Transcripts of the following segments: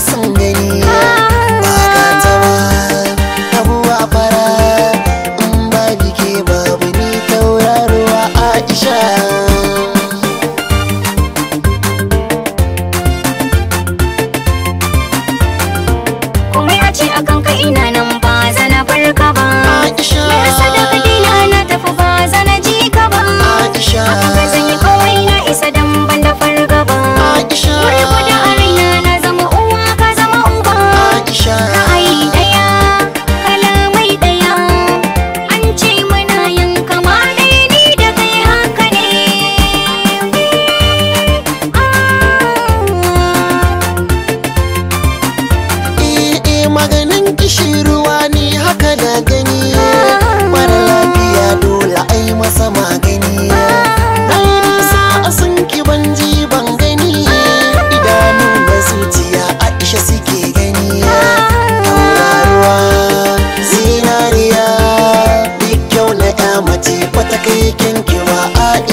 sun gani ba ka taba abuwa fara in ba bike babu ni a aisha komai a ce a kanka ina nan ba zana farka ba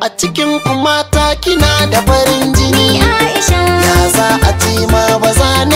a cikin mata kina da farin jini Aisha ya za a ce ma ba za